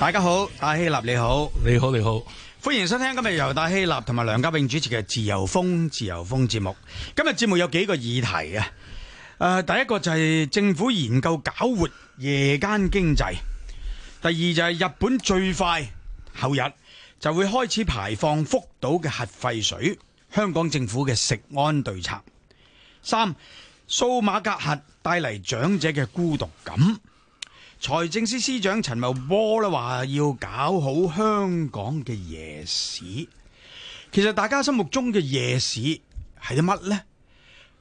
大家好，大希臘你，你好，你好你好，歡迎收聽今日由大希臘同埋梁家永主持嘅《自由風自由風》節目。今日節目有幾個議題誒、啊呃，第一個就係政府研究搞活夜間經濟，第二就係日本最快後日就會開始排放福島嘅核廢水，香港政府嘅食安對策，三數碼隔閡帶嚟長者嘅孤獨感。財政司司長陳茂波咧話要搞好香港嘅夜市，其實大家心目中嘅夜市係啲乜呢？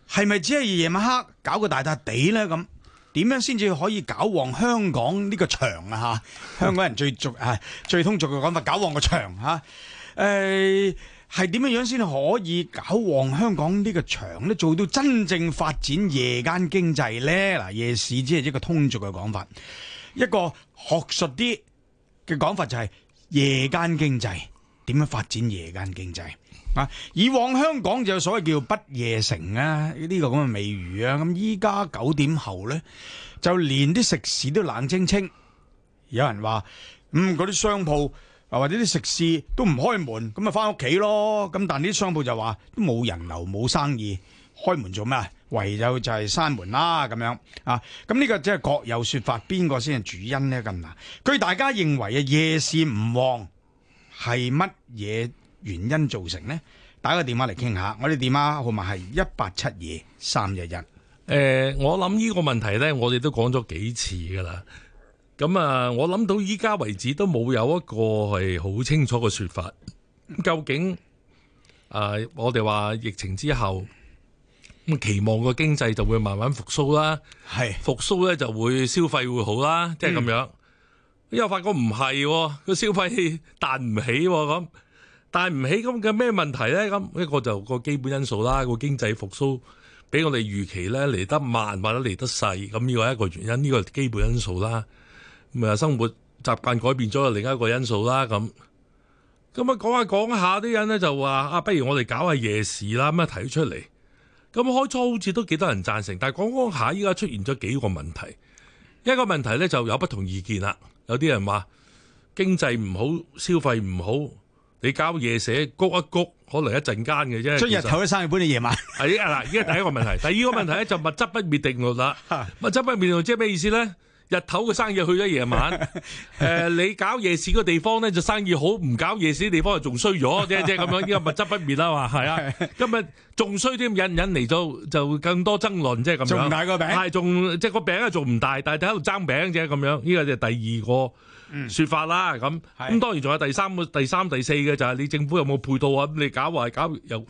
係咪只係夜晚黑搞個大笪地呢？咁點樣先至可以搞旺香港呢個場啊？吓，香港人最俗啊最通俗嘅講法，搞旺個場吓，誒，係點樣樣先可以搞旺香港呢個場呢？做到真正發展夜間經濟呢？嗱，夜市只係一個通俗嘅講法。一個學術啲嘅講法就係夜間經濟，點樣發展夜間經濟啊？以往香港就所謂叫不夜城啊，呢個咁嘅美譽啊，咁依家九點後咧，就連啲食肆都冷清清。有人話：，嗯，嗰啲商鋪啊或者啲食肆都唔開門，咁咪翻屋企咯。咁但係啲商鋪就話都冇人流、冇生意，開門做咩？唯有就係閂門啦，咁樣啊！咁呢個即係各有說法，邊個先係主因呢？咁嗱，據大家認為啊，夜市唔旺係乜嘢原因造成呢？打個電話嚟傾下，我哋電話號碼係一八七二三一一。呃、我諗呢個問題呢，我哋都講咗幾次噶啦。咁啊，我諗到依家為止都冇有一個係好清楚嘅說法。究竟、呃、我哋話疫情之後？期望個經濟就會慢慢復甦啦，係是復甦咧就會消費會好啦，即係咁樣。之後、嗯、發覺唔係個消費彈唔起咁彈唔起咁嘅咩問題咧？咁一個就個基本因素啦，個經濟復甦比我哋預期咧嚟得慢或者嚟得細，咁呢個係一個原因，呢個基本因素啦。咪生活習慣改變咗，另一個因素啦。咁咁啊，講下講下啲人咧就話啊，不如我哋搞下夜市啦，咁一提出嚟。咁開初好似都幾多人贊成，但係講講下依家出現咗幾個問題。一個問題咧就有不同意見啦，有啲人話經濟唔好，消費唔好，你搞夜社，谷一谷，可能一陣間嘅啫。出日天實頭嘅生意搬去夜晚。係啊，嗱，依家第一個問題，第二個問題咧就物質不滅定律啦。 物質不滅定律即係咩意思咧？日頭嘅生意去咗夜晚，誒、 呃，你搞夜市個地方咧就生意好，唔搞夜市啲地方就仲衰咗啫，即係咁樣，呢個物質不滅啦嘛，係啊，今日仲衰添，引引嚟咗就更多爭論，即係咁樣，仲唔大個餅，係仲即係個餅係仲唔大，但係喺度爭餅啫，咁樣,呢個就係第二個說法啦，咁咁當然仲有第三個、第三、第四嘅就係你政府有冇配套啊？咁你搞壞搞又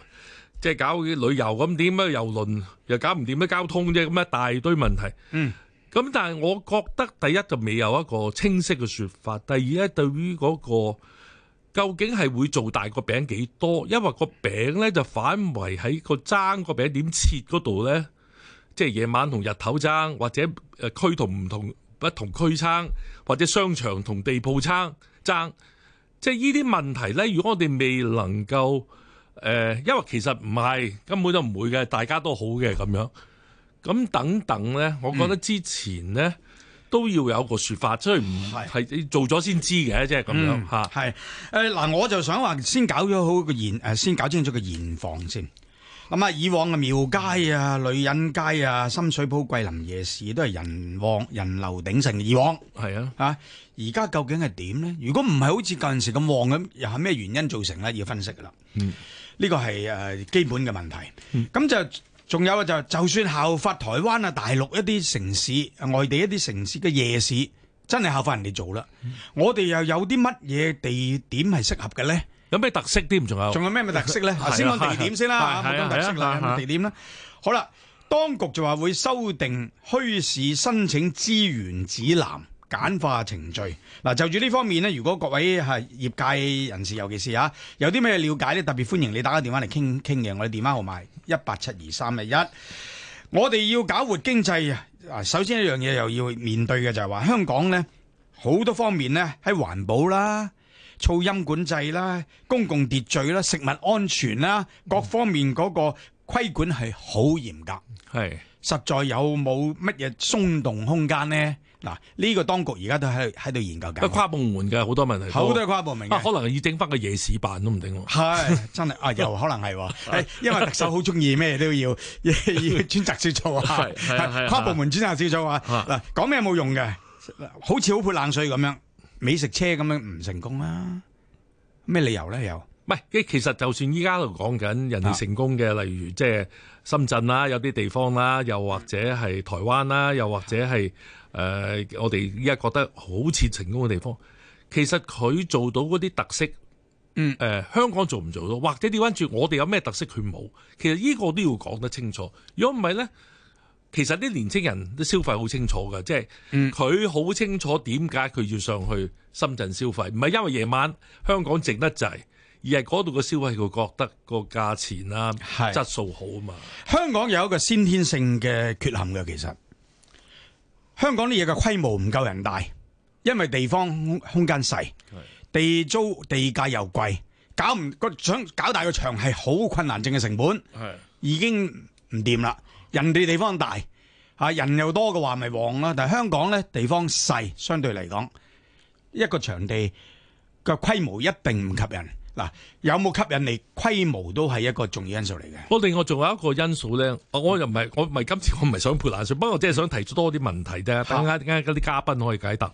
即係搞旅遊咁點啊？郵輪又搞唔掂啲交通啫，咁一大堆問題。嗯咁但係，我覺得第一就未有一個清晰嘅說法。第二呢，對於嗰、那個究竟係會做大個餅幾多？因為個餅呢就反為喺個爭個餅點切嗰度呢，即係夜晚同日頭爭，或者誒區同唔同不同區爭，或者商場同地鋪爭爭。即係呢啲問題呢，如果我哋未能夠誒、呃，因為其實唔係根本就唔會嘅，大家都好嘅咁樣。咁等等咧，我覺得之前咧、嗯、都要有個說法，所以唔係你做咗先知嘅，即係咁樣吓係誒嗱，我就想話先搞咗好個現先搞清楚個現況先。咁啊，以往嘅廟街啊、女人街啊、深水埗桂林夜市都係人旺人流鼎盛嘅，以往係是啊而家、啊、究竟係點咧？如果唔係好似舊陣時咁旺咁，又係咩原因造成咧？要分析㗎啦。嗯，呢個係誒基本嘅問題。咁就。嗯仲有啊，就就算效法台灣啊、大陸一啲城市、外地一啲城市嘅夜市，真係效法人哋做啦。嗯、我哋又有啲乜嘢地點係適合嘅咧？有咩特色啲？唔仲有？仲有咩咪特色咧、 啊？先講地點先啦，特色啦，啊啊啊啊啊啊、地點好啦，當局就話會修訂墟市申請資源指南。簡化程序，嗱，就住呢方面呢，如果各位係業界人士，尤其是啊，有啲咩了解呢，特別歡迎你打個電話嚟傾傾嘅。我哋電話號碼一八七二三零一。我哋要搞活經濟啊，首先一樣嘢又要面對嘅就係話，香港呢好多方面呢，喺環保啦、噪音管制啦、公共秩序啦、食物安全啦，各方面嗰個規管係好嚴格，係、嗯、實在有冇乜嘢鬆動空間呢？嗱，呢個當局而家都喺喺度研究緊。跨部門嘅好多問題，好多係跨部門嘅、啊，可能要整翻個夜市辦都唔定。係 真係啊，又可能係、啊，係 因為特首好中意咩都要，要，要專責小組啊， 跨部門專責小組啊。嗱，講咩冇用嘅，好似好潑冷水咁樣，美食車咁樣唔成功啦、啊，咩理由咧又？其實就算依家喺度講緊人哋成功嘅，例如即係深圳啦、啊，有啲地方啦、啊，又或者係台灣啦、啊，又或者係誒、呃、我哋依家覺得好似成功嘅地方，其實佢做到嗰啲特色，嗯、呃、誒，香港做唔做到，或者調翻轉我哋有咩特色佢冇，其實呢個都要講得清楚。如果唔係咧，其實啲年輕人都消費好清楚㗎，即係佢好清楚點解佢要上去深圳消費，唔係因為夜晚香港靜得滯。而係嗰度嘅消費佢覺得個價錢啦、啊，是質素好嘛。香港有一個先天性嘅缺陷嘅，其實香港啲嘢嘅規模唔夠人大，因為地方空間細，地租地價又貴，搞唔個想搞大個場係好困難，症嘅成本是已經唔掂啦。人哋地方大嚇，人又多嘅話咪旺啦。但係香港咧，地方細，相對嚟講一個場地嘅規模一定唔及人。嗱、啊，有冇吸引力，規模都係一個重要因素嚟嘅。我另外仲有一個因素咧，我又唔係，我唔係今次我唔係想潑冷水，不過我淨係想提出多啲問題啫，等下等下嗰啲嘉賓可以解答。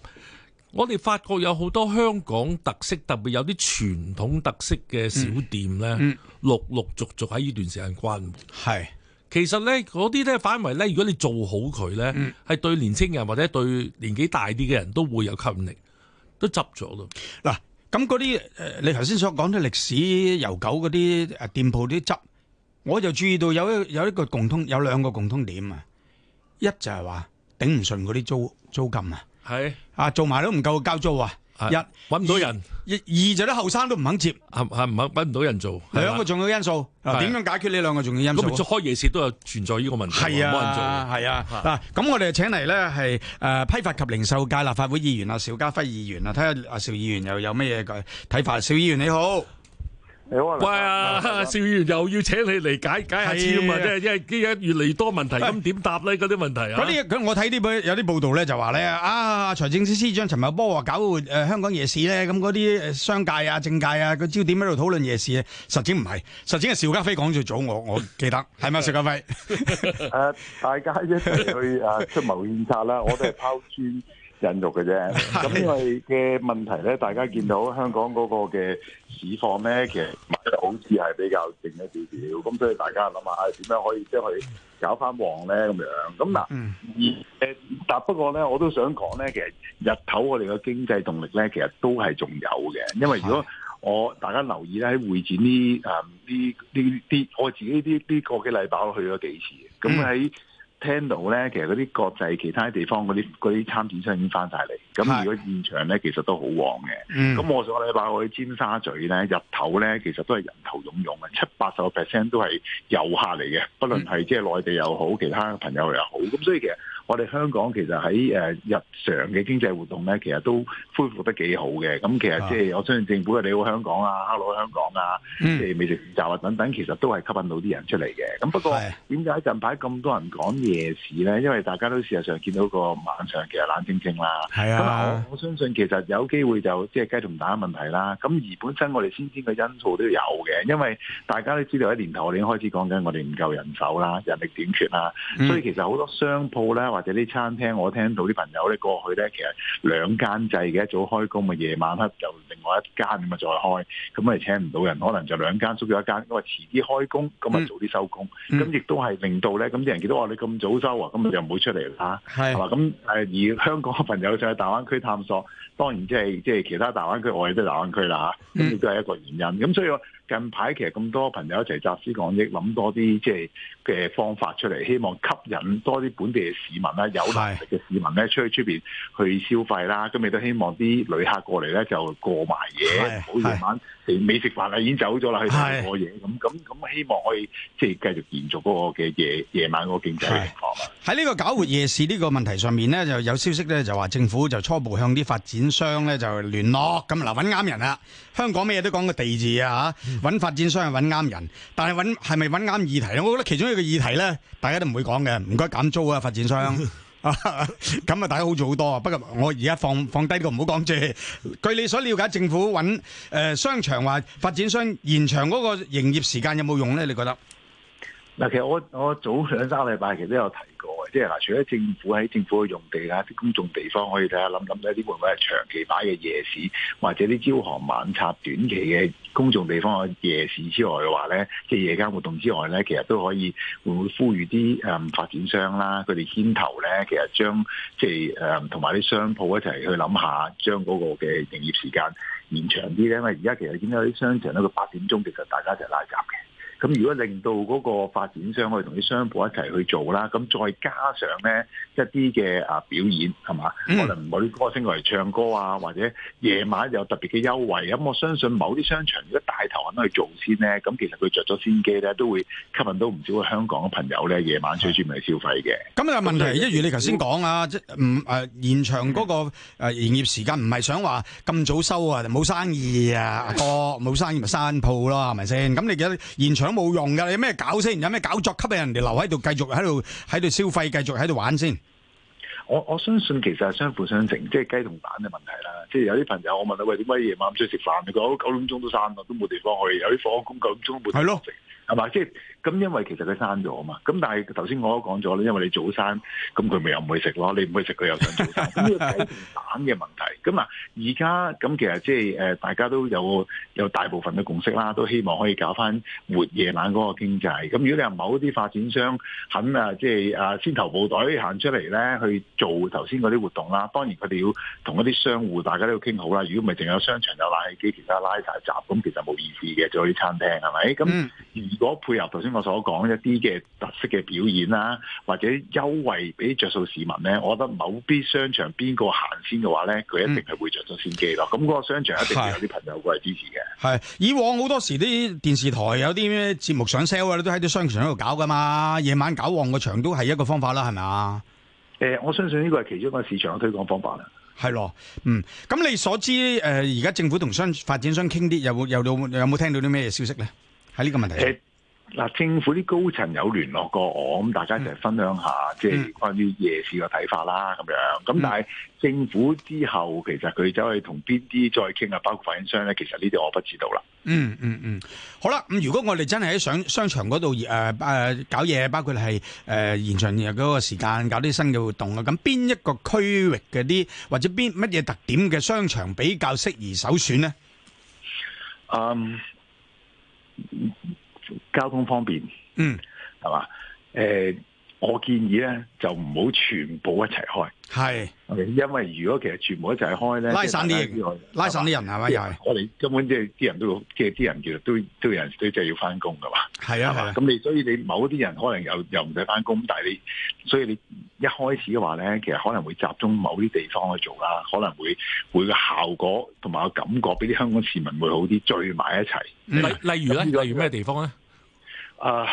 我哋發覺有好多香港特色，特別有啲傳統特色嘅小店咧，嗯嗯、陸陸續續喺呢段時間關門。是其實咧嗰啲咧反為咧，如果你做好佢咧，係、嗯、對年青人或者對年紀大啲嘅人都會有吸引力，都執咗咯。嗱、啊。咁嗰啲誒你頭先所講啲歷史悠久嗰啲，啊，店鋪啲執，我就注意到有一有一個共通，有兩個共通點啊，一就係話頂唔順嗰啲租租金啊，係是啊做埋都唔夠交租啊。一揾唔到人，二就啲後生都唔肯接，係係唔肯揾唔到人做，兩個重要因素。點樣解決呢兩個重要因素？我哋做開夜市都有存在呢個問題，冇人做。係啊，嗱，咁我哋請嚟咧係誒批發及零售界立法會議員阿邵家輝議員啊，睇下阿邵議員又有咩嘢睇法。邵議員你好。喂啊！邵議員又要請你嚟解解下謎啊！即係因為依家越嚟越多問題，咁點答咧？嗰啲問題啊！嗰啲咁我睇啲有啲報道咧，就話咧啊！財政司司長陳茂波話搞誒香港夜市咧，咁嗰啲商界啊、政界啊，個焦點喺度討論夜市啊。實踐唔係，實踐係邵家輝講咗早，我我記得係嘛？邵家輝誒，大家一齊去誒出謀獻策啦！我哋係拋磚。引入嘅啫，咁 因為嘅問題咧，大家見到香港嗰個嘅市況咧，其實好似係比較靜一啲啲，咁、嗯、 所以大家諗下點樣可以即係去搞翻旺咧咁樣。咁、嗯、嗱， 而誒，但不過咧，我都想講咧，其實日頭我哋嘅經濟動力咧，其實都係仲有嘅，因為如果我大家留意咧喺會展呢啊呢呢啲，我自己啲呢、呢個幾禮拜去咗幾次，咁喺。 聽到咧，其實嗰啲國際其他地方嗰啲啲參展商已經翻晒嚟，咁如果現場咧其實都好旺嘅。咁我上個禮拜我去尖沙咀咧，日頭咧其實都係人頭涌涌嘅，七八十個 percent 都係遊客嚟嘅，不論係即係內地又好，其他朋友又好，咁所以其實。我哋香港其實喺誒、呃、日常嘅經濟活動咧，其實都恢復得幾好嘅。咁其實即、就、係、是、Yeah. 我相信政府嘅你好香港啊，Hello 香港啊，即係、mm. 美食節奏啊等等，其實都係吸引到啲人出嚟嘅。咁不過點解 Yeah. 近排咁多人講夜市咧？因為大家都事實上見到個晚上其實冷清清啦。係啊 Yeah.，我相信其實有機會就即係、就是、雞同蛋嘅問題啦。咁而本身我哋先天嘅因素都有嘅，因為大家都知道喺年頭我哋已經開始講緊我哋唔夠人手啦，人力短缺啦，mm. 所以其實好多商鋪咧。或者啲餐廳，我聽到啲朋友咧過去咧，其實兩間制嘅，一早開工，咪夜晚黑就另外一間咁啊再開，咁咪請唔到人，可能就兩間租咗一間，因為遲啲開工，咁啊早啲收工，咁、嗯嗯、亦都係令到咧，咁啲人見到話你咁早收啊，咁就又唔好出嚟啦，係嘛，咁而香港嘅朋友就去大灣區探索，當然即係即係其他大灣區我哋都係大灣區啦，吓，咁亦都係一個原因，咁所以我。近排其實咁多朋友一齊集思廣益，諗多啲即係嘅方法出嚟，希望吸引多啲本地嘅市民啦，有能力嘅市民咧出去出面去消費啦，咁亦都希望啲旅客過嚟咧就過埋嘢，唔好夜晚，未食飯啊，已經走咗啦，去食過嘢咁，咁咁希望可以即係繼續延續嗰個嘅夜夜晚嗰個經濟情況啊！喺呢個搞活夜市呢個問題上面咧，就有消息咧就話政府就初步向啲發展商咧就聯絡咁，嗱，揾啱人啦！香港咩嘢都講個地字啊，揾發展商係揾啱人，但係揾係咪揾啱議題咧？我覺得其中一個議題咧，大家都唔會講嘅，唔該減租啊，發展商。咁啊， 大家好做好多啊，不過我而家放放低個唔好講住。據你所了解，政府揾誒商場或發展商延長嗰個營業時間有冇用咧？你覺得？嗱，其實我我早兩三禮拜其實都有提過嘅，即係嗱，除咗政府喺政府嘅用地啊、啲公眾地方可以睇下，諗諗睇啲會唔會係長期擺嘅夜市，或者啲朝行晚拆短期嘅公眾地方嘅夜市之外嘅話咧，即係夜間活動之外咧，其實都可以會唔會呼籲啲誒、嗯、發展商啦，佢哋牽頭咧，其實將即係誒同埋啲商鋪一齊去諗下，將嗰個嘅營業時間延長啲咧，因為而家其實見到啲商場咧，佢八點鐘其實大家就拉閘嘅。咁如果令到嗰個發展商可以同啲商鋪一齊去做啦，咁再加上咧一啲嘅啊表演係嘛？嗯、可能某啲歌星過嚟唱歌啊，或者夜晚有特別嘅優惠。咁我相信某啲商場如果帶頭咁去做先咧，咁其實佢着咗先機咧，都會吸引到唔少嘅香港嘅朋友咧，夜晚最專門去消費嘅。咁啊、嗯、問題，一如你頭先講啊，嗯、即係唔誒現場嗰個誒營業時間唔係想話咁早收啊，冇生意啊，哥、啊、冇 生意咪閂鋪咯，係咪先？咁你而家現場。都冇用噶，有咩搞先？有咩搞作吸引人哋留喺度，繼續喺度喺度消費，繼續喺度玩先？我我相信其實係相輔相成，即係雞同蛋嘅問題啦。即係有啲朋友我問佢，喂，點解夜晚唔出去食飯？佢話九點鐘都散啦，都冇地方去。有啲火工九點鐘都冇地方去。係嘛，即係咁，因為其實佢閂咗嘛。咁但係頭先我都講咗咧，因為你早閂，咁佢咪又唔去食咯。你唔去食，佢又想早閂。咁呢個係一個蛋嘅問題。咁啊，而家咁其實即係誒，大家都有有大部分嘅共識啦，都希望可以搞翻活夜晚嗰個經濟。咁如果你話某啲發展商肯啊，即係啊先頭部隊行出嚟咧，去做頭先嗰啲活動啦。當然佢哋要同一啲商戶，大家都要傾好啦。如果唔係，淨有商場有拉起機，其他拉晒閘，咁其實冇意思嘅。做啲餐廳係咪？咁如果配合頭先我所講一啲嘅特色嘅表演啦，或者優惠俾着數市民咧，我覺得某啲商場邊個行先嘅話咧，佢一定係會着咗先機咯。咁嗰、嗯、個商場一定有啲朋友過嚟支持嘅。係以往好多時啲電視台有啲咩節目想 sell 啊，都喺啲商場喺度搞噶嘛。夜晚搞旺個場都係一個方法啦，係咪啊？誒、欸，我相信呢個係其中一個市場嘅推廣方法啦。係咯，嗯。咁你所知誒，而、呃、家政府同商發展商傾啲有冇有有冇聽到啲咩消息咧？喺呢個問題。嗱，政府啲高層有聯絡過我，咁大家就係分享一下，即係關於夜市嘅睇法啦，咁、嗯、樣。咁但係政府之後，其實佢走去同邊啲再傾啊，包括發展商咧，其實呢啲我不知道啦、嗯。嗯嗯嗯，好啦，咁如果我哋真係喺上商場嗰度誒誒搞嘢，包括係誒、呃、延長嗰個時間，搞啲新嘅活動啊，咁邊一個區域嘅啲或者邊乜嘢特點嘅商場比較適宜首選呢？嗯。Um, 交通方便，嗯，係嘛？誒、欸。我建議咧，就唔好全部一齊開。係，嗯、因為如果其實全部一齊開咧，拉散啲，拉散啲人係咪？又係、啊即係、我哋根本即係啲人都即係啲人其實都都有人，都即係要翻工噶嘛。係啊，咁、啊、你所以你某啲人可能又又唔使翻工，但係你所以你一開始嘅話咧，其實可能會集中某啲地方去做啦，可能會會個效果同埋個感覺俾啲香港市民會好啲，聚埋一齊。例吧例如咧，例如咩地方咧？呃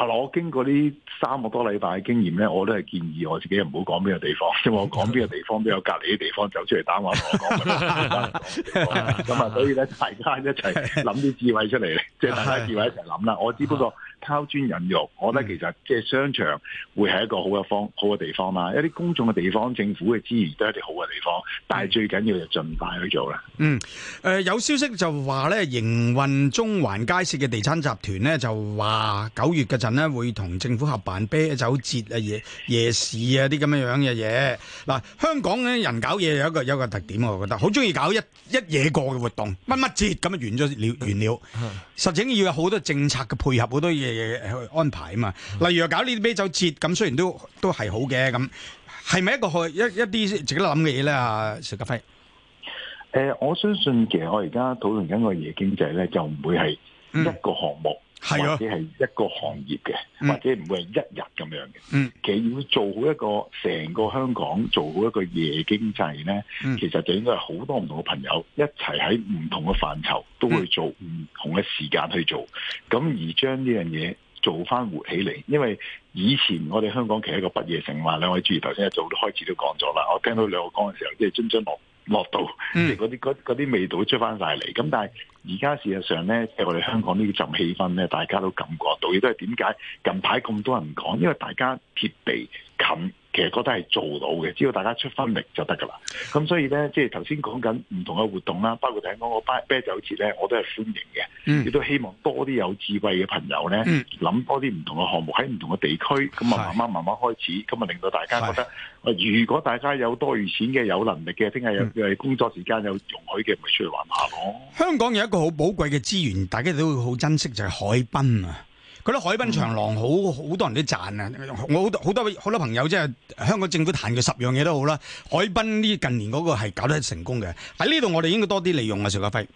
啊、我經過呢三個多禮拜嘅經驗咧，我都係建議我自己唔好講邊個地方，因為我講邊個地方都有隔籬啲地方走出嚟打話同我講。咁啊， 所以咧大家一齊諗啲智慧出嚟，即係 大家智慧一齊諗啦。我只不過拋磚引玉。我覺得其實即係商場會係一個好嘅方、好嘅地方啦。一啲公眾嘅地方、政府嘅資源都係啲好嘅地方，但係最緊要就盡快去做啦。嗯，誒、呃、有消息就話咧，營運中環街市嘅地產集團咧就話九月嘅咧會同政府合辦啤酒節啊、夜夜市啊啲咁嘅樣嘅嘢。嗱，香港咧人搞嘢有一個有一個特點，我覺得好中意搞一一夜過嘅活動，乜乜節咁啊完咗了完了。實情要有好多政策嘅配合，好多嘢、嘢去安排啊嘛。例如搞呢啲啤酒節，咁雖然都都係好嘅，咁係咪一個去一一啲自己諗嘅嘢咧？啊，邵家輝。誒，我相信其實，我而家討論緊個夜經濟咧，就唔會係一個項目。是，或者係一個行業嘅，嗯、或者唔會係一日咁樣嘅。嗯，其實要做好一個成個香港做好一個夜經濟咧，嗯、其實就應該係好多唔同嘅朋友一齊喺唔同嘅範疇都會做唔同嘅時間去做，咁、嗯、而將呢樣嘢做翻活起嚟。因為以前我哋香港其實一個不夜城嘛，兩位主持頭先一早都開始都講咗啦。我聽到兩個講嘅時候，即係津津樂。嗯、落到即嗰啲啲味道都出翻晒嚟，咁但係而家事實上咧，即、係、我哋香港呢浸氣氛咧，大家都感覺到，亦都係點解近排咁多人講，因為大家貼地。近其實覺得係做到嘅，只要大家出分力就得㗎喇。咁所以咧，即係頭先講緊唔同嘅活動啦，包括聽講個啤酒節咧，我都係歡迎嘅。亦、嗯、都希望多啲有智慧嘅朋友咧，諗、嗯、多啲唔同嘅項目喺唔同嘅地區，咁啊慢慢慢慢開始，咁啊是令到大家覺得，是如果大家有多餘錢嘅、有能力嘅，聽日有、嗯、工作時間有容許嘅，咪出去玩下咯。香港有一個好寶貴嘅資源，大家都會好珍惜，就係、是、海濱啊！佢啲海濱長廊好好多人都讚啊！我好多好多，好多朋友，即係香港政府談嘅十樣嘢都好啦，海濱呢，近年嗰個係搞得成功嘅，喺呢度我哋應該多啲利用啊，邵家輝。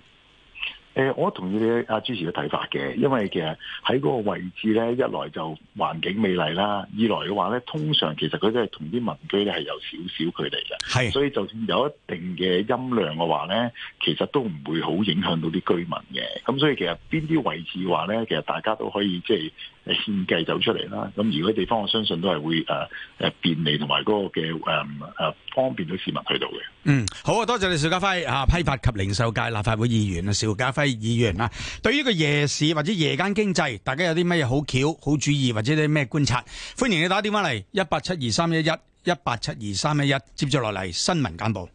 誒，我同意阿阿、啊、主持嘅睇法嘅，因為其實喺嗰個位置咧，一來就環境美麗啦，二來嘅話咧，通常其實佢都係同啲民居咧係有少少距離嘅，係是所以就算有一定嘅音量嘅話咧，其實都唔會好影響到啲居民嘅，咁所以其實邊啲位置嘅話咧，其實大家都可以即係。獻計走出嚟啦，咁而嗰地方，我相信都係會誒誒便利同埋嗰個嘅誒誒方便到市民去到嘅。嗯，好啊，多謝你邵家輝啊，批發及零售界立法會議員啊，邵家輝議員啊，對於個夜市或者夜間經濟，大家有啲乜嘢好橋、好主意或者啲咩觀察，歡迎你打電話嚟一八七二三一一一八七二三一一，11, 11, 接住落嚟新聞簡報。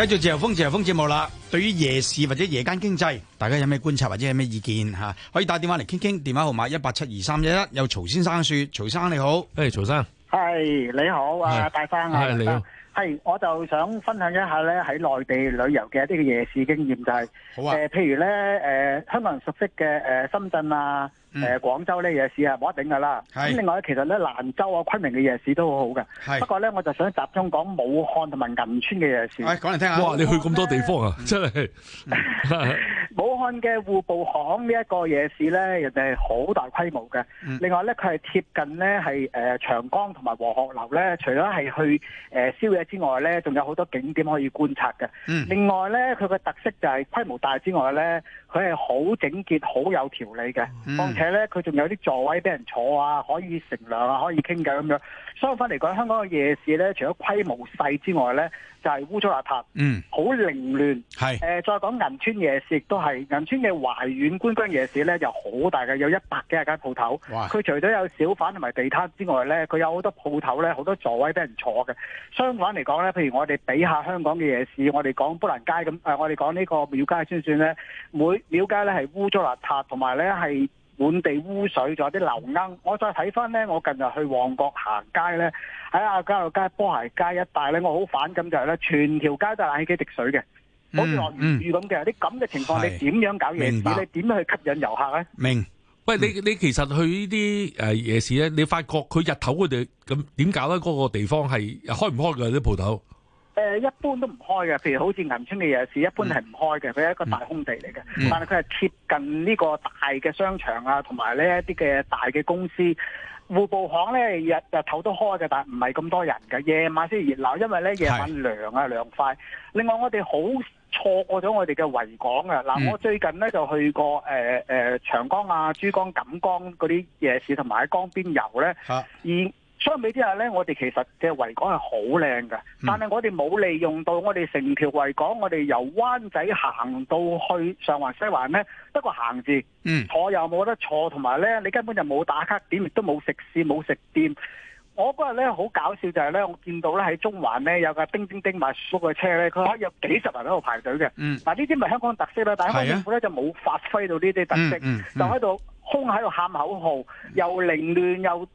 繼續自由風自由風節目啦，對於夜市或者夜間經濟，大家有咩觀察或者有咩意見吓、啊？可以打電話嚟傾傾，電話號碼一八七二三一一。有曹先生說：曹生你好，誒，hey，曹生，係你好啊，大生啊，係你好。係，我就想分享一下咧喺內地旅遊嘅一啲夜市經驗，就係、是，誒、啊呃，譬如咧，誒、呃，香港人熟悉嘅，誒、呃，深圳啊，誒、嗯呃，廣州呢夜市係冇得頂㗎啦。咁是另外，其實咧蘭州啊、昆明嘅夜市都好好嘅。是不過咧，我就想集中講武漢同埋銀川嘅夜市。喂、哎，講嚟聽下。哇！你去咁多地方啊，真係、嗯。嗯 武漢嘅戶部巷呢一個夜市咧，人哋係好大規模嘅。嗯、另外咧，佢係貼近咧，係誒、呃、長江同埋黃鶴樓咧。除咗係去誒、呃、宵夜之外咧，仲有好多景點可以觀察嘅。嗯、另外咧，佢嘅特色就係、是、規模大之外咧，佢係好整潔、好有條理嘅。況、嗯、且咧，佢仲有啲座位俾人坐啊，可以乘涼啊，可以傾偈咁樣。相反嚟講，香港嘅夜市咧，除咗規模細之外咧，就係污糟邋遢，嗯，好凌亂。是呃、再講銀川夜市亦都。係銀川嘅懷遠觀光夜市咧，就好大嘅，有一百幾十間鋪頭。佢哇除咗有小販同埋地攤之外咧，佢有好多鋪頭咧，好多座位俾人坐嘅。相反嚟講咧，譬如我哋比一下香港嘅夜市，我哋講波蘭街咁，誒、呃，我哋講呢個廟街先算咧。每廟街咧係污糟邋遢，同埋咧係滿地污水，仲有啲流鶯。我再睇翻咧，我近日去旺角行街咧，喺亞皆老街波鞋街一帶咧，我好反感就係、是、咧，全條街都係冷氣機滴水嘅。好似落雨咁嘅，啲咁嘅情況是你點樣搞夜市？你點去吸引遊客咧？明白，喂，嗯、你你其實去呢啲誒夜市咧，你發覺佢日頭佢哋咁點搞咧？嗰、那個地方係開唔開㗎？啲鋪頭？一般都唔開嘅。譬如好似銀村嘅夜市，一般係唔開嘅。佢、嗯、係一個大空地嚟嘅，嗯、但係佢係貼近呢個大嘅商場啊，同埋呢一啲嘅大嘅公司。戶部巷咧日日頭都開嘅，但係唔係咁多人嘅。夜晚先熱鬧，因為咧夜晚涼啊是涼快。另外我哋好。錯過咗我哋嘅維港啊！嗱、嗯，我最近咧就去過誒誒、呃呃、長江啊、珠江、錦江嗰啲夜市，同埋喺江邊遊咧。啊、而相比之下咧，我哋其實嘅維港係好靚㗎。嗯、但係我哋冇利用到我哋成條維港，我哋由灣仔行到去上環、西環咧，得個行字，嗯、坐又冇得坐，同埋咧你根本就冇打卡點，亦都冇食肆、冇食店。我嗰日咧好搞笑就係咧，我見到咧喺中環咧有架叮叮叮賣雪嘅車咧，佢可以有幾十人喺度排隊嘅。嗱呢啲咪香港特色啦，但係香港政府咧、嗯、就冇發揮到呢啲特色，嗯嗯嗯、就喺度空喺度喊口號，又凌亂又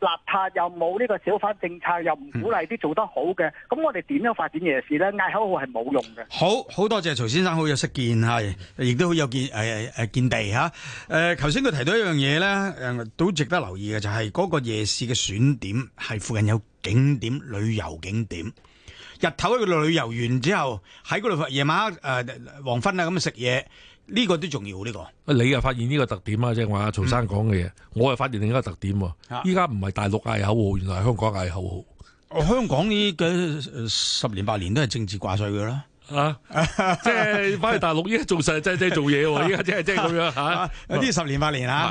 邋遢又冇呢個小販政策，又唔鼓勵啲做得好嘅，咁我哋點樣發展夜市咧？嗌口號係冇用嘅。好好多謝曹先生，好有識見係，亦都好有見誒誒見地嚇。誒，頭先佢提到一樣嘢咧，誒都值得留意嘅，就係嗰個夜市嘅選點係附近有景點、旅遊景點。日頭去旅遊完之後，喺嗰度夜晚誒黃昏啊咁食嘢。呢個都重要，呢個。你又發現呢個特點啊，即係話曹生講嘅嘢，我又發現另一個特點喎。依家唔係大陸嗌口號，原來係香港嗌口號。香港呢嘅十年八年都係政治掛帥嘅啦。啊，即係翻嚟大陸依家做實際即係做嘢喎，依家即係即係咁樣嚇。呢十年八年嚇，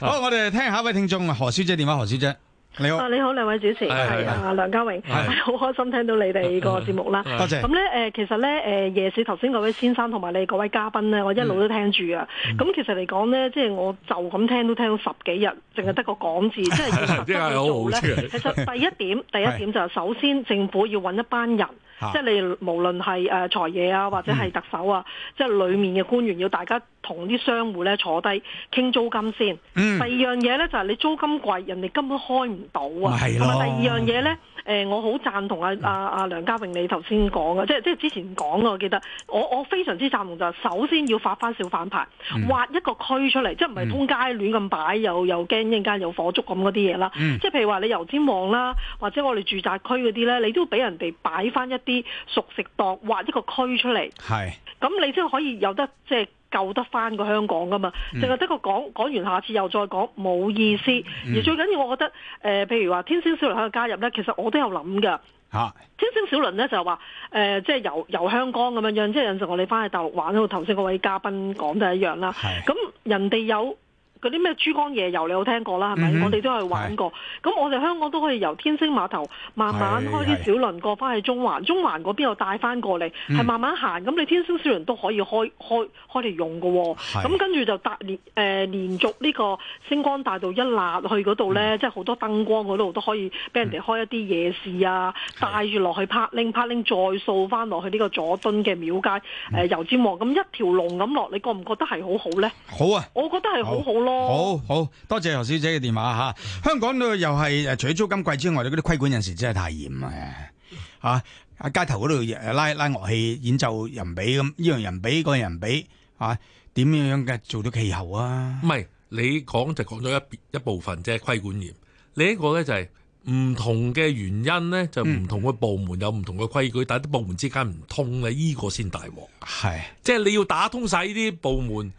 好，我哋聽下一位聽眾何小姐電話，何小姐。你好啊，你好兩位主持，係啊，梁家榮，係好開心聽到你哋個節目啦，多謝。咁咧誒，其實咧誒，夜市頭先嗰位先生同埋你嗰位嘉賓咧，我一路都聽住啊。咁其實嚟講咧，即係我就咁聽都聽到十幾日，淨係得個講字，即係要實質去做咧。其實第一點，第一點就係首先政府要揾一班人，即係你無論係誒財爺啊，或者係特首啊，即係裏面嘅官員要大家。同啲商戶咧坐低傾租金先。嗯、第二樣嘢咧就係你租金貴，人哋根本開唔到啊。係咯的。第二樣嘢咧、嗯呃，我好贊同啊啊梁家榮你頭先講嘅，即係即係之前講啊，我記得我我非常之贊同就係首先要發翻小販牌，劃、嗯、一個區出嚟，即係唔係通街亂咁擺，嗯、又又驚一間有火燭咁嗰啲嘢啦。即係、嗯、譬如話你油尖旺啦，或者我哋住宅區嗰啲咧，你都俾人哋擺翻一啲熟食檔，劃一個區出嚟。係是。咁你先可以有得即救得翻個香港噶嘛？淨係得個講講完，下次又再講，冇意思。而最緊要，我覺得誒、呃，譬如話天星小輪喺度加入咧，其實我都有諗㗎。天星小輪咧、啊、就係話、呃、即係遊由，由香港咁樣樣，即係有陣時我哋翻去大陸玩度頭先嗰位嘉賓講就一樣啦。咁是 人哋有。嗰啲咩珠江夜遊你有聽過啦，係咪？我哋都係玩過，咁我哋香港都可以由天星碼頭慢慢開啲小輪過翻去中環，中環嗰邊又帶翻過嚟，係慢慢行。咁你天星小輪都可以開開開嚟用喎。咁跟住就連誒連續呢個星光大道一揦去嗰度呢，即係好多燈光嗰度都可以俾人哋開一啲夜市啊，帶住落去 parking parking 再掃翻落去呢個佐敦嘅廟街誒油尖旺咁一條龍咁落，你覺唔覺得係好好呢？好啊，我覺得係好好咯。好好，多謝何小姐嘅電話吓、啊，香港咧又係誒，除咗租金貴之外，你嗰啲規管有時真係太嚴啊吓！喺街頭嗰度拉拉樂器演奏人唔俾咁，呢樣人俾，嗰樣人俾，吓、啊、點樣樣嘅做到氣候啊？唔係你講就講咗一一部分啫，即係規、就是、管嚴。另一個咧就係、是、唔同嘅原因咧，就唔、是、同嘅部門、嗯、有唔同嘅規矩，但係啲部門之間唔通嘅，依、這個先大鑊。係是，即係你要打通晒呢啲部門。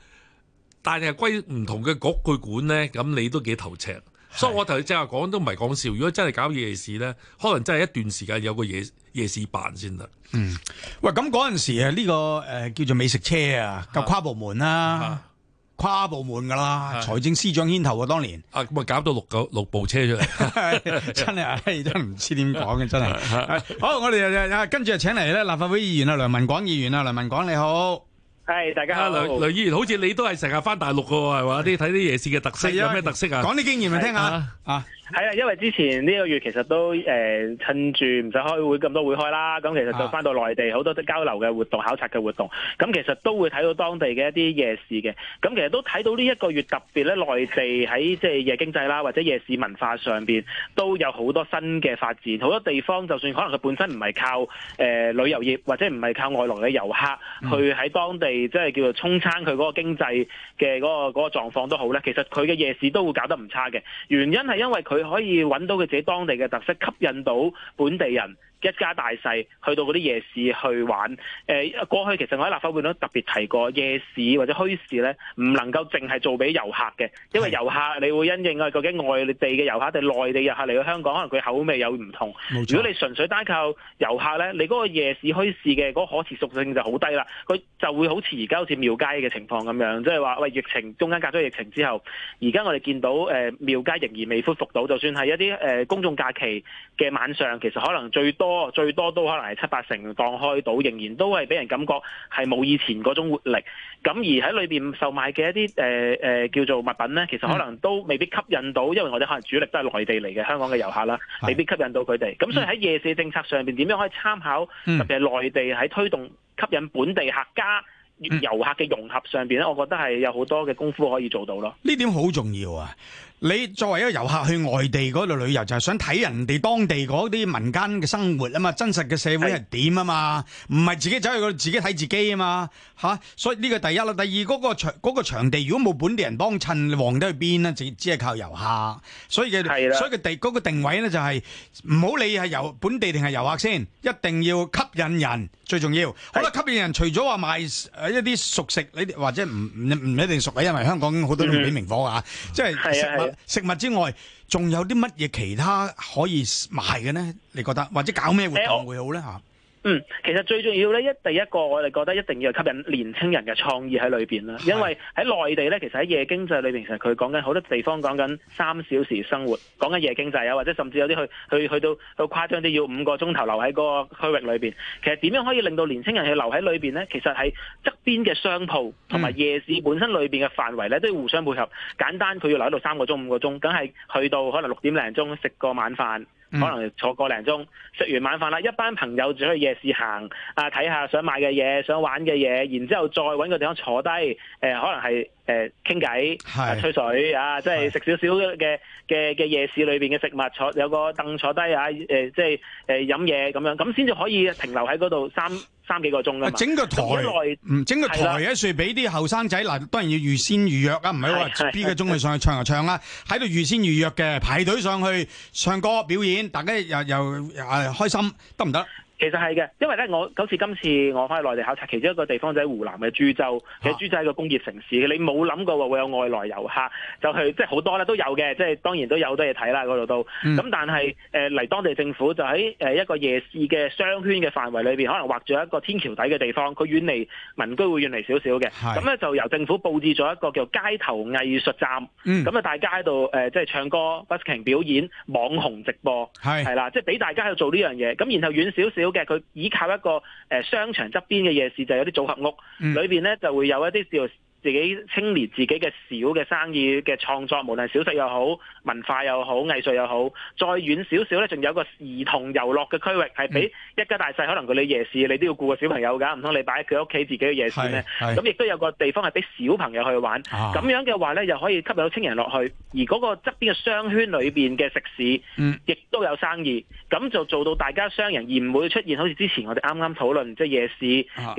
但係歸唔同嘅局，局去管咧，咁你都幾頭赤，是所以我頭先正話講都唔係講笑。如果真係搞夜市咧，可能真係一段時間有個夜夜市辦先得。嗯，喂，咁嗰陣時啊，呢、呢個誒、呃、叫做美食車啊，跨部門啦、啊，啊、跨部門㗎啦，是財政司長牽頭啊，當年啊，咁啊搞到六九六部車出嚟 的， 真係真唔知點講嘅，真係。好，我哋跟住就請嚟咧立法會議員啊，梁文廣議員啊，梁文廣你好。係，大家好，梁梁議員好似你都係成日翻大陸噶係嘛？啲睇啲夜市嘅特色的有咩特色啊？講啲經驗嚟的聽下啊！Uh, uh. 係啊，因為之前呢個月其實都誒、呃、趁住唔使開會咁多會開啦，咁其實就返到內地好多交流嘅活動、考察嘅活動，咁其實都會睇到當地嘅一啲夜市嘅，咁其實都睇到呢一個月特別咧，內地喺即係夜經濟啦，或者夜市文化上邊都有好多新嘅發展，好多地方就算可能佢本身唔係靠誒、呃、旅遊業或者唔係靠外來嘅遊客去喺當地即係、就是、叫做冲餐佢嗰個經濟嘅嗰個、那個狀況都好咧，其實佢嘅夜市都會搞得唔差嘅，原因係因為佢可以揾到佢自己當地嘅特色，吸引到本地人。一家大細去到嗰啲夜市去玩，誒、呃、過去其實我喺立法會都特別提過夜市或者墟市咧，唔能夠淨係做俾遊客嘅，因為遊客你會因應啊，究竟外地嘅遊客定內地遊客嚟到香港，可能佢口味有唔同。冇錯。如果你純粹單靠遊客咧，你嗰個夜市墟市嘅嗰、那個、可持續性就好低啦，佢就會好似而家好似廟街嘅情況咁樣，即係話喂疫情中間隔咗疫情之後，而家我哋見到誒、呃、廟街仍然未恢復到，就算係一啲、呃、公眾假期嘅晚上，其實可能最多。最多都可能係七八成檔開到，仍然都係俾人感覺係冇以前嗰種活力。咁而喺裏面售賣嘅一啲、呃呃、叫做物品呢，其實可能都未必吸引到，因為我哋可能主力都係內地嚟嘅香港嘅遊客啦，未必吸引到佢哋。咁、嗯、所以喺夜市政策上面點樣可以參考特別係內地喺推動吸引本地客家加遊客嘅融合上面，我覺得係有好多嘅功夫可以做到咯。呢點好重要啊！你作為一個遊客去外地嗰度旅遊，就係想睇人哋當地嗰啲民間嘅生活啊嘛，真實嘅社會係點啊嘛，唔係自己走去自己睇自己啊嘛，吓，所以呢個第一啦，第二嗰個場嗰個場地，如果冇本地人幫襯，旺得去邊呢？只只係靠遊客，所以嘅，的所以佢哋嗰個定位呢、就是，就係唔好理係遊本地定係遊客先，一定要吸引人最重要。好啦的，吸引人除咗話賣一啲熟食，你或者唔唔一定熟啊，因為香港好多要俾明火、嗯、啊即食物之外，仲有啲乜嘢其他可以賣嘅呢？你覺得或者搞咩活動會好呢？吓？嗯，其實最重要咧，一第一個我哋覺得一定要吸引年青人嘅創意喺裏面啦，因為喺內地咧，其實喺夜經濟裏面，其實佢講緊好多地方講緊三小時生活，講緊夜經濟啊，或者甚至有啲去去去到去到誇張啲要五個鐘頭留喺嗰個區域裏面。其實點樣可以令到年青人去留喺裏面咧？其實喺側邊嘅商鋪同埋夜市本身裏面嘅範圍咧，都要互相配合。簡單，佢要留喺度三個鐘、五個鐘，梗係去到可能六點零鐘食個晚飯。嗯、可能坐過個零鐘，食完晚飯啦，一班朋友走去夜市行，啊，睇下想買嘅嘢，想玩嘅嘢，然之後再揾個地方坐低、呃，可能係。誒，傾偈，吹水是啊，即係食少少嘅嘅嘅夜市裏邊嘅食物，坐有個凳坐低啊，誒、呃，即係誒飲嘢咁樣，咁先至可以停留喺嗰度三三幾個鐘啊、嗯。整個台，嗯，整個台一算，俾啲後生仔，嗱，當然要預先預約啊，唔係話 B 嘅鐘去上去唱就唱啦，喺度預先預約嘅，排隊上去唱歌表演，大家又又誒開心，得唔得？其實係嘅，因為咧，我好似今次我返去內地考察，其中一個地方就喺湖南嘅株洲。其實株洲係一個工業城市，你冇諗過會有外來遊客就去，即係好多咧都有嘅，即係當然都有好多嘢睇啦嗰度都。咁、嗯、但係誒嚟當地政府就喺誒一個夜市嘅商圈嘅範圍裏面，可能畫咗一個天橋底嘅地方，佢遠離民居會遠離少少嘅。咁咧是就由政府佈置咗一個叫街頭藝術站，咁啊、嗯、大家喺度、呃、即係唱歌、busking 表演、網紅直播，係啦是，即係俾大家喺度做呢樣嘢。咁然後遠少少。嘅佢依靠一個誒商場側邊嘅夜市，就係有啲組合屋，裏邊咧就會有一啲叫。自己青年自己嘅小嘅生意嘅創作，無論小食又好、文化又好、藝術又好。再遠少少咧，仲有個兒童遊樂嘅區域，係俾一家大細可能，佢你夜市你都要顧個小朋友㗎，唔通你擺喺佢屋企自己嘅夜市咩？咁亦都有個地方係俾小朋友去玩。咁、啊、樣嘅話咧，又可以吸引到青人落去，而嗰個側邊嘅商圈裏邊嘅食肆亦都有生意。咁就做到大家雙贏，而唔會出現好似之前我哋啱啱討論，即、就、係、是、夜市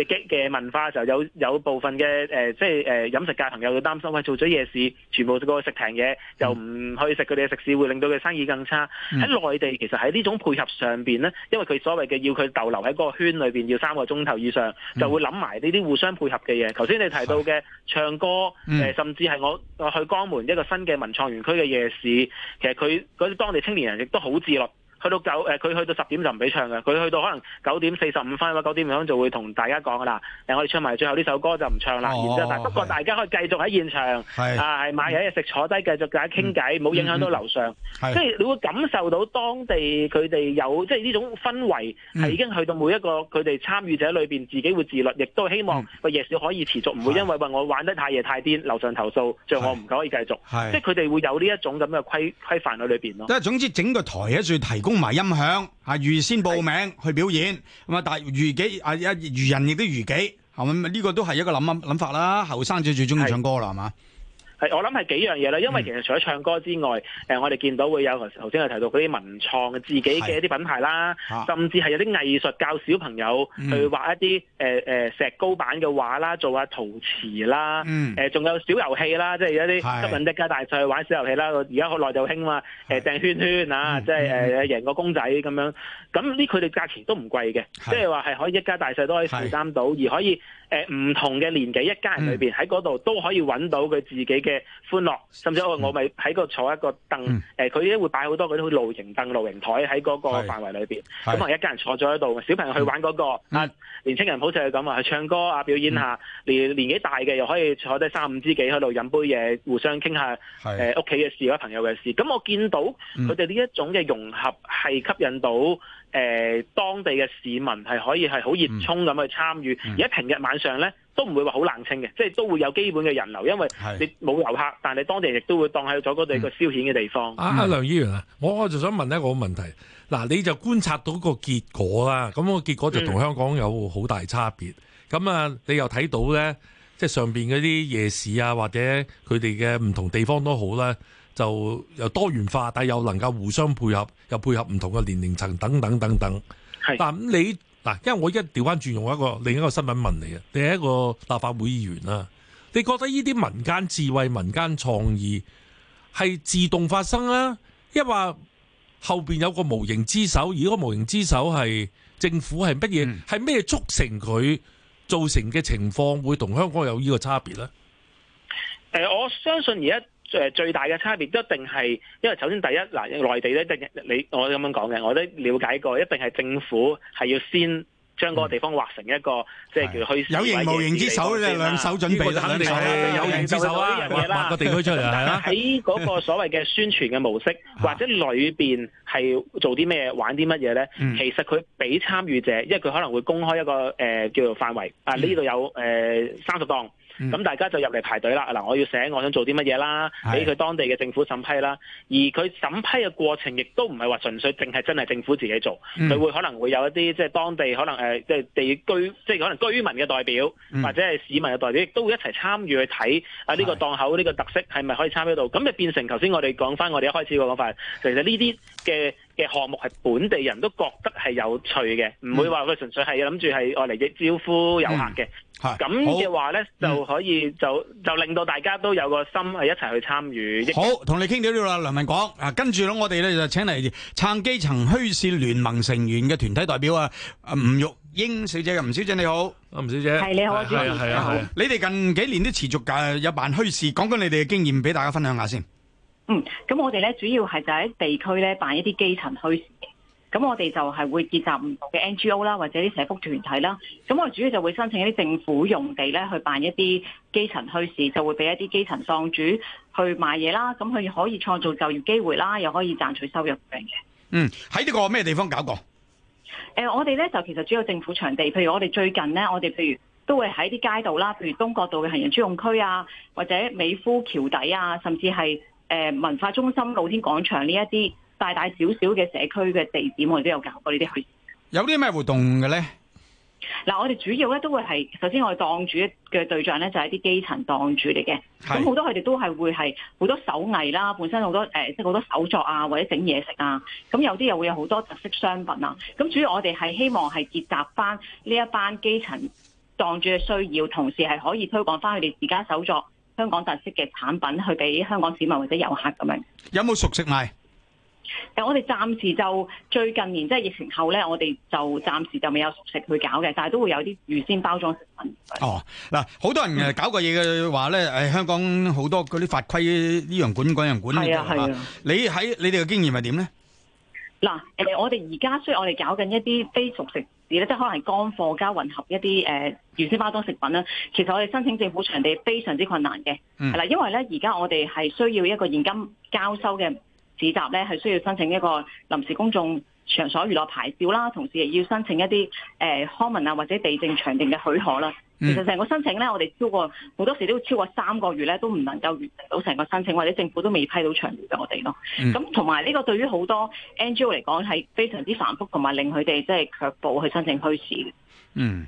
嘅嘅、啊、文化就有有部分嘅誒、呃、即係。呃誒飲食界朋友嘅擔心，喂，做咗夜市，全部都去食平嘢，又唔去食佢哋嘅食肆，會令到佢生意更差。喺、嗯、內地其實喺呢種配合上面，咧，因為佢所謂嘅要佢逗留喺嗰個圈裏面要三個鐘頭以上，就會諗埋呢啲互相配合嘅嘢。頭先、嗯、你提到嘅唱歌，呃、甚至係我，我去江門一個新嘅文創園區嘅夜市，其實佢啲當地青年人亦都好自律。去到九誒，佢去到十點就唔俾唱嘅。佢去到可能九點四十五分或九點五分就會同大家講噶啦，誒，我哋唱埋最後呢首歌就唔唱啦。然之後但不過大家可以繼續喺現場，係啊，買嘢食、坐低繼續大家傾偈，冇影響到樓上。即係你會感受到當地佢哋有即係呢種氛圍係已經去到每一個佢哋參與者裏面，自己會自律，亦都希望個夜市可以持續，唔會因為話我玩得太夜太癲，樓上投訴，就我唔可以繼續。即係佢哋會有呢一種咁嘅規規範喺裏邊咯。即係總之整個台喺提供埋音響吓，預先報名去表演咁啊！是但係娛己啊，娛人亦都娛己，係咪呢個都係一個諗諗法啦？後生仔最中意唱歌啦，係嘛是？係，我諗係幾樣嘢啦，因為其實除咗唱歌之外，誒、嗯呃、我哋見到會有頭先係提到嗰啲文創自己嘅一啲品牌啦，啊、甚至係有啲藝術教小朋友去畫一啲誒誒石膏板嘅畫啦，做下陶瓷啦，誒仲、嗯呃、有小遊戲啦，即係一啲吸引一家大細去玩小遊戲啦。而家好耐就興嘛，誒掟是、呃、圈圈啊，嗯、即係誒、呃、贏個公仔咁樣。咁呢，佢哋價錢都唔貴嘅，是即係話係可以一家大細都可以負擔到，是而可以。誒唔、呃、同嘅年紀一家人裏面喺嗰度都可以揾到佢自己嘅歡樂，甚至、嗯哦、我我咪喺嗰度坐一個凳，誒佢咧會擺好多嗰啲露營凳、露營枱喺嗰個範圍裏面。咁我是一家人坐咗喺度，小朋友去玩嗰、那個、嗯、啊，年青人好似係咁啊去唱歌啊，表演下，嗯、年年紀大嘅又可以坐低三五知己喺度飲杯嘢，互相傾下屋企嘅事或者朋友嘅事，咁我見到佢哋呢一種嘅融合係吸引到。誒、呃、當地嘅市民係可以係好熱衷咁去參與，嗯嗯、而家平日晚上咧都唔會話好冷清嘅，即係都會有基本嘅人流，因為你冇遊客，但你當地人亦都會當喺咗嗰度一個消遣嘅地方。嗯嗯、啊，梁議員啊，我我就想問一個問題，嗱你就觀察到一個結果啦，咁、嗰個結果就同香港有好大差別。咁啊、嗯，你又睇到咧，即係上邊嗰啲夜市啊，或者佢哋嘅唔同地方都好啦。就又多元化，但又能夠互相配合，又配合唔同嘅年齡層等等等等。是但你嗱，因為我而家調翻轉用一個另一個新聞問你啊，你係一個立法會議員啦，你覺得呢啲民間智慧、民間創意係自動發生啊？因為一話後邊有個無形之手，而個無形之手係政府係乜嘢？係咩、嗯、促成佢造成嘅情況會同香港有呢個差別咧？誒、呃，我相信而家。誒最大嘅差別一定係，因為首先第一嗱，內地咧，即係你我咁樣講嘅，我都了解過，一定係政府係要先將嗰個地方劃成一個，嗯、即係叫虛有形無形之手咧，啊、兩手準備啦，有形之手啊，劃個地區出嚟啦、啊。喺嗰個所謂嘅宣傳嘅模式， 或者裏邊係做啲咩、啊、玩啲乜嘢咧？嗯、其實佢俾參與者，因為佢可能會公開一個誒、呃、叫做範圍，啊呢度有誒三十檔。咁、嗯、大家就入嚟排隊啦。嗱，我要寫，我想做啲乜嘢啦，俾佢當地嘅政府審批啦。而佢審批嘅過程亦都唔係話純粹淨係真係政府自己做，佢會、嗯、可能會有一啲即係當地可能、呃、即係地居即係可能居民嘅代表，或者係市民嘅代表，亦都會一齊參與去睇啊呢、呢個檔口呢、呢個特色係咪可以參與度？咁就變成頭先我哋講翻我哋一開始嘅講法，其實呢啲嘅。嘅項目係本地人都覺得係有趣嘅，唔、嗯、會話佢純粹係諗住係愛嚟招呼遊客嘅。咁嘅、嗯、話咧，好就可以就、嗯、就令到大家都有個心係一齊去參與。好，同你傾到呢度啦，梁文廣啊，跟住咧我哋咧就請嚟撐基層墟市聯盟成員嘅團體代表啊，啊吳玉英小姐，小姐啊，吳小姐你好，啊吳小姐，係你是好，主持人你好。你哋近幾年都持續嘅有辦墟市，講講你哋嘅經驗俾大家分享下先。嗯，咁我哋咧主要係就喺地區咧辦一啲基層墟市，咁我哋就係會結集唔同嘅 NGO 啦，或者啲社福團體啦，咁我哋主要就會申請一啲政府用地咧去辦一啲基層墟市，就會俾一啲基層檔主去賣嘢啦，咁佢可以創造就業機會啦，又可以賺取收入咁樣嘅。嗯，喺呢個咩地方搞過？誒、呃，我哋咧就其實主要政府場地，譬如我哋最近咧，我哋譬如都會喺啲街道啦，譬如東角道嘅行人專用區啊，或者美孚橋底啊，甚至係。誒，文化中心、露天廣場呢一啲大大小小嘅社區嘅地點，我哋都有搞過呢啲嘢。有啲咩活動嘅咧？嗱，我哋主要咧都會係，首先我哋檔主嘅對象咧就係啲基層檔主嚟嘅，咁好多佢哋都係會係好多手藝啦，本身好多誒，即係好多手作啊，或者整嘢食啊，咁有啲又會有好多特色商品啊。咁主要我哋係希望係結集翻呢一班基層檔主嘅需要，同時係可以推廣翻佢哋自家手作。香港特色嘅產品去俾香港市民或者遊客咁樣，有冇熟食賣？但、呃、我哋暫時就最近年即係疫情後咧，我哋就暫時就未有熟食去搞嘅，但係都會有啲預先包裝食品。哦，嗱，好多人誒搞過嘢嘅話咧，誒、嗯呃，香港好多嗰啲法規呢、這個，樣管嗰樣管啊，啊係啊。你喺你哋嘅經驗係點咧？嗱，誒、呃，我哋而家雖然我哋搞緊一啲非熟食。即係可能係乾貨加混合一啲誒原先包裝食品啦，其實我哋申請政府場地非常之困難嘅，係啦、嗯，因為咧而家我哋係需要一個現金交收嘅市集咧，係需要申請一個臨時公眾場所娛樂牌照啦，同時亦要申請一啲誒、呃、康文啊或者地政場地嘅許可啦。嗯、其實成個申請咧，我哋超過好多時都要超過三個月咧，都唔能夠完成到成個申請，或者政府都未批到長期嘅我哋咯。咁同埋呢個對於好多 NGO 嚟講係非常之繁複，同埋令佢哋即係卻步去申請墟市。嗯，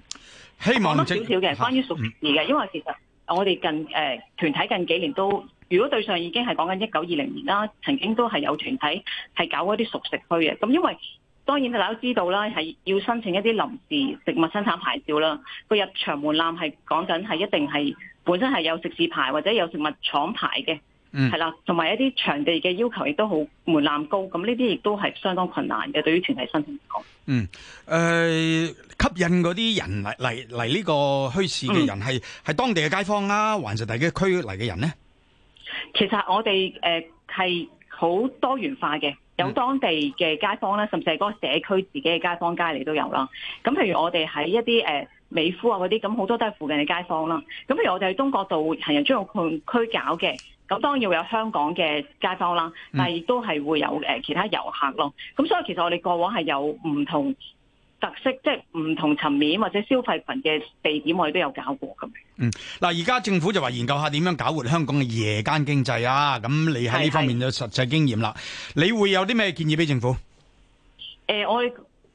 希望多少少嘅關於熟食嘅，嗯、因為其實我哋近誒團、呃、體近幾年都，如果對上已經係講緊一九二零年啦，曾經都係有團體係搞嗰啲熟食區嘅。咁因為當然，大家都知道啦，係要申請一啲臨時食物生產牌照啦。個入場門檻係講緊係一定係本身係有食肆牌或者有食物廠牌嘅，係啦、嗯。同埋一啲場地嘅要求亦都好門檻高，咁呢啲亦都係相當困難嘅對於全體申請者。嗯、呃，吸引嗰啲人嚟嚟嚟呢個墟市嘅人係係、嗯、當地嘅街坊啦、啊，還是第啲區嚟嘅人呢？其實我哋誒係好多元化嘅。有當地嘅街坊啦，甚至係嗰個社區自己嘅街坊街嚟都有啦。咁譬如我哋喺一啲美孚啊嗰啲，咁好多都係附近嘅街坊啦。咁譬如我哋喺東角道行人專用區搞嘅，咁當然會有香港嘅街坊啦，但係亦都係會有其他遊客咯。咁所以其實我哋過往係有唔同特色，即係唔同層面或者消費群嘅地點，我哋都有搞過咁。嗯，嗱，而家政府就話研究下點樣搞活香港嘅夜間經濟啊！咁你喺呢方面有實際經驗啦，是是你會有啲咩建議俾政府？誒、呃，我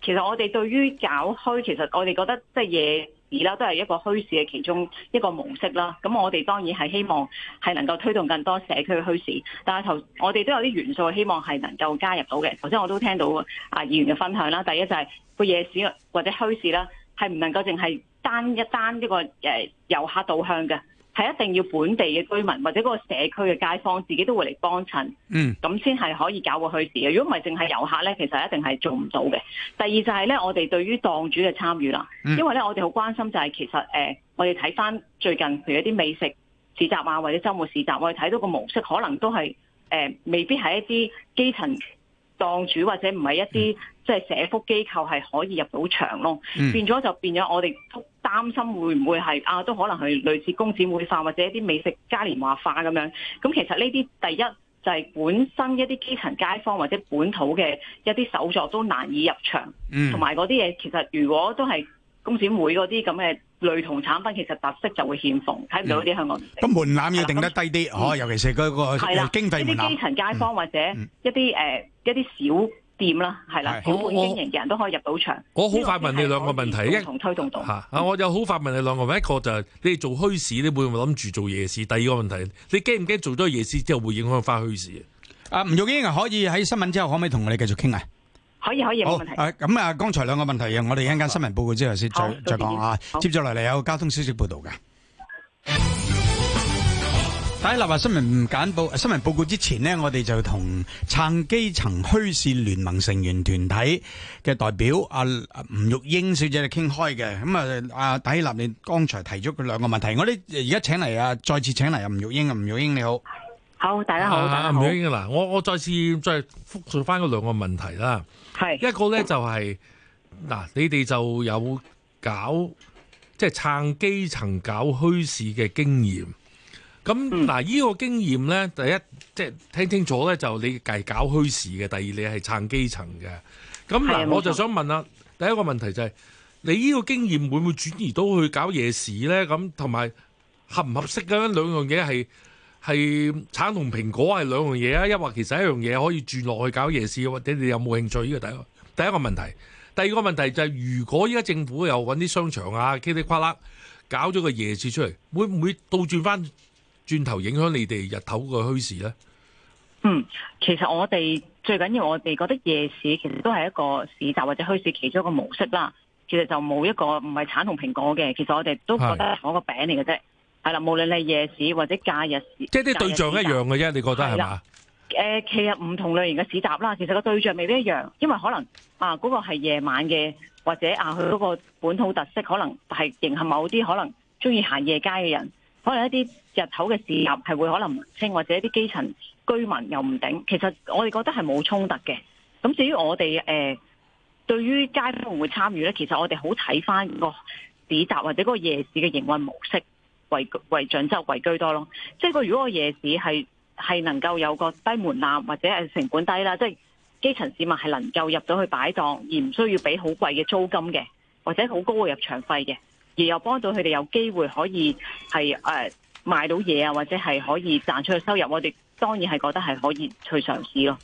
其實我哋對於搞虛，其實我哋覺得即係夜市啦，都係一個虛市嘅其中一個模式啦。咁我哋當然係希望係能夠推動更多社區虛市，但係頭我哋都有啲元素希望係能夠加入到嘅。頭先我都聽到阿議員嘅分享啦，第一就係、是。夜市或者墟市啦，係唔能夠淨係單一單一個誒遊客導向嘅，係一定要本地嘅居民或者嗰個社區嘅街坊自己都會嚟幫襯，嗯，咁先係可以搞個墟市嘅。如果唔係，淨係遊客咧，其實一定係做唔到嘅。第二就係咧，我哋對於檔主嘅參與啦，因為咧我哋好關心就係其實誒、呃，我哋睇翻最近譬如一啲美食市集啊，或者週末市集，我哋睇到個模式可能都係誒、呃，未必係一啲基層。檔主或者唔係一啲即係社福機構係可以入到場咯，嗯、變咗就變咗，我哋擔心會唔會係啊，都可能係類似工展會化或者一啲美食嘉年華化咁樣，咁其實呢啲第一就係、是、本身一啲基層街坊或者本土嘅一啲手作都難以入場，同埋嗰啲嘢其實如果都係。工展會嗰啲咁嘅類同產品，其實特色就會欠奉，睇唔到啲香港人。咁、嗯、門檻要定得低啲，是嗯、哦，尤其是嗰、那個是的經濟層。啲基層街坊、嗯、或者一啲誒、呃、一啲小店啦，係啦，的小本經營嘅人都可以入到場，我我。我好快問你兩個，個，個問題，一，同推動到。啊，我就好快問你兩個，一個就係你哋做墟市，你，你會唔會諗住做夜市？第二個問題，你驚唔驚做咗夜市之後會影響翻墟市？啊，吳玉英係可以喺新聞之後可唔可以同我哋繼續傾啊？可以，可以，可以好。冇問題咁啊，剛才兩個問題我哋一陣間新聞報告之後先再好再講對啊。好接咗落嚟有交通消息報道嘅。第一立啊！新聞唔簡報，新聞報告之前呢，我哋就同撐基層墟市聯盟成員團體嘅代表阿吳、啊、玉英小姐傾開嘅。咁啊，阿打起立，你剛才提咗個兩個問題，我哋而家請嚟啊，再次請嚟阿吳玉英啊，吳玉英你好，好，大家好，啊、大家好。吳玉英嗱，我我再次再複述翻嗰兩個問題啦。是一個咧就係、是、嗱，你哋就有搞即係、就是、撐基層搞虛市墟市嘅經驗。咁嗱，呢、嗯、個經驗咧，第一即係、就是、聽清楚咧，就是、你係搞墟市嘅；第二，你係撐基層嘅。咁嗱，的我就想問啦，錯第一個問題就係、是、你呢個經驗會唔會轉移到去搞夜市咧？咁同埋合唔合適咧？兩樣嘢係。係橙同蘋果係兩樣嘢啊！抑或其實一樣嘢可以轉落去搞夜市，或者你有冇興趣呢個第一？第一個問題，第二個問題就係、是、如果依家政府又揾啲商場啊，噼里啪啦搞咗個夜市出嚟，會唔會倒轉翻轉頭影響你哋日頭個墟市呢？嗯，其實我哋最緊要，我哋覺得夜市其實都係一個市集或者墟市其中一個模式啦。其實就冇一個唔係橙同蘋果嘅，其實我哋都覺得係一個餅嚟嘅啫。係啦，無論你係夜市或者假日市，即係啲對象一樣嘅啫。你覺得係嘛？誒、呃，其實唔同類型嘅市集啦，其實個對象未必一樣，因為可能啊，嗰、那個係夜晚嘅，或者啊，佢嗰個本土特色可能係迎合某啲可能中意行夜街嘅人，可能一啲日頭嘅市集係會可能清或者一啲基層居民又唔頂。其實我哋覺得係冇衝突嘅。咁至於我哋誒、呃，對於街坊會參與咧，其實我哋好睇翻個市集或者個夜市嘅營運模式。為為長洲為居多咯，即係個，如果個夜市係係能夠有個低門檻或者係成本低啦，即係基層市民係能夠入到去擺檔而唔需要俾好貴嘅租金嘅，或者好高嘅入場費嘅，而又幫到佢哋有機會可以係誒賣到嘢啊，或者係可以賺出去收入，我哋當然係覺得係可以去嘗試咯。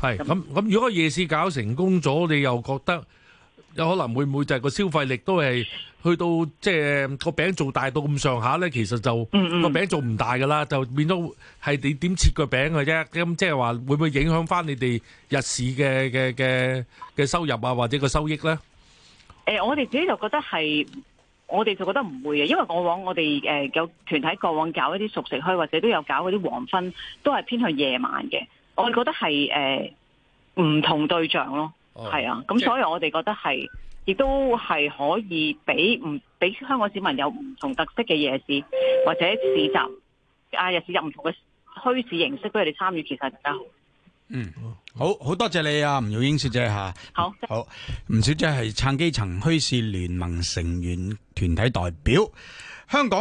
係咁咁，如果個夜市搞成功咗，你又覺得有可能會唔會就係個消費力都係？去到即係個餅做大到咁上下咧，其實就嗯嗯個餅做唔大噶啦，就變咗係你點切個餅嘅啫。咁即係話會唔會影響返你哋日市嘅嘅嘅嘅收入啊，或者個收益咧？誒、欸，我哋自己就覺得係，我哋就覺得唔會嘅，因為過往我哋誒、呃、有團體過往搞一啲熟食區，或者都有搞嗰啲黃昏，都係偏向夜晚嘅。我哋覺得係誒唔同對象咯，係、哦、啊。咁所以我哋覺得係。嗯亦都係可以俾唔俾香港市民有唔同特色嘅夜市，或者市集、亞、啊、日市集唔同嘅墟市形式俾佢哋參與，其實更加好。嗯，好好多謝你啊，吳玉英小姐嚇。好，好，吳好小姐係撐基層墟市聯盟成員團體代表，香港。